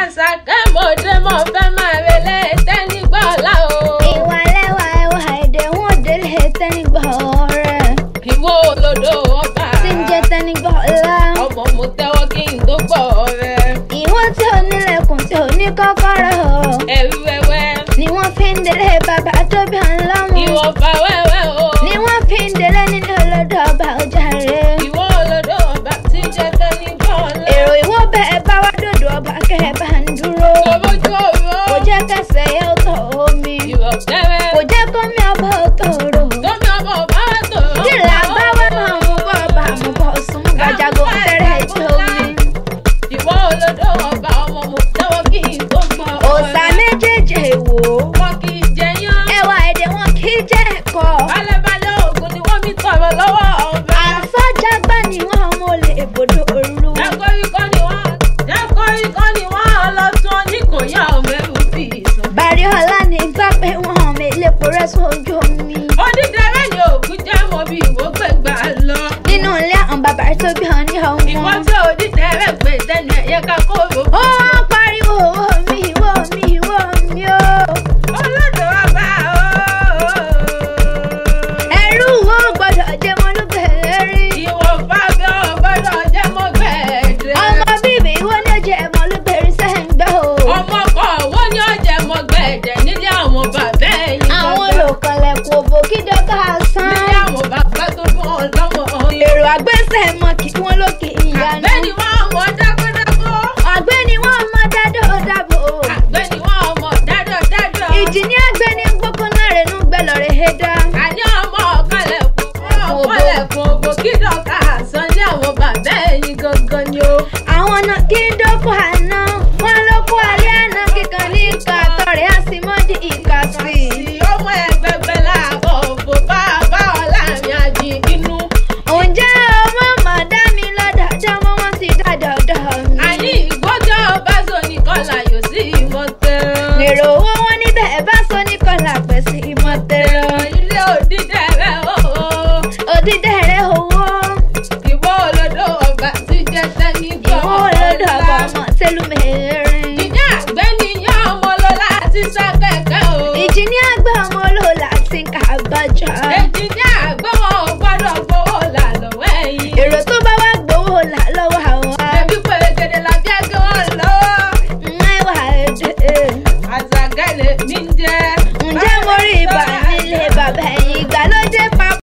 àṣàkẹ́ mo dé mo fẹ́ máa relé tẹ́ni gbọ́ ọ̀la o. ìwà lẹ́wà ẹwà èdè wọn ò délé tẹ́ni gbọ́ ọ̀rẹ́. ìwọ olódò ọba. tí ń jẹ tẹ́ni gbọ́ ọ̀la. ọmọ mo tẹ́wọ́ kí n tó gbọ́ ọ̀rẹ́. ìwọ́n tí ò nílẹ̀kùn tí ò ní kọ́kọ́rọ́. ẹ̀rù wẹ́wẹ́. ni wọ́n fi ń délé bàbá tó bí à fàwẹ́ lọ́wọ́ ọ̀bẹ. àfájágbá ni wọ́n ọmọ olè èbòdò òrùrù. jákoríkọ ni wọ́n jákoríkọ ni wọ́n ọlọ́tún oníkòyà ọ̀mẹ́rù fi ìsọ. bàrí ọlá ni gbàgbé wọn ọmọ ilé porẹ́sùn ojú omi. lóko àná wọ́n lóko alẹ́ àná kíkan ní ìka àtọ̀rẹ́ àsìmọ́jì ìka sí i. ọmọ ẹgbẹgbẹ làbọ̀ òfò bá a bá ọ̀la mi àjì inú. ǹjẹ́ ọmọ màdá mi lọ́dà jẹ́ ọmọ wọn ti dá dọ̀dọ̀ mi. àní ìgbọ́jọ́ báṣọ nìkọlà yóò sí ìmọ̀tẹ́. èrò owó wọn níbẹ̀ báṣọ ọba ti jẹ́ sẹ́ni kọ́ lọ́dọ̀ àgbà ọmọ tẹlumẹ̀rẹ̀. ìjà àgbẹ̀ ni ìyá ọmọ lọ́la ti sá kẹ̀kẹ́ o. ìjìní àgbà ọmọ lọ́la ti ń kà bàjá. ìjìní àgbà wọn ò gbọ́dọ̀ gbowó là lọ́wọ́ ẹ̀yìn. èrò tó bá wá gbowó là lọ́wọ́ àwa. ẹbí pé la fi ẹgbẹ́ wọn lọ́wọ́. ǹjẹ́ wà á dé. àtàgẹ́lẹ̀ mi ń jẹ́. ǹjẹ́ mo rí ibà nílé bàbá ẹ̀yìn ìgbàlódé pa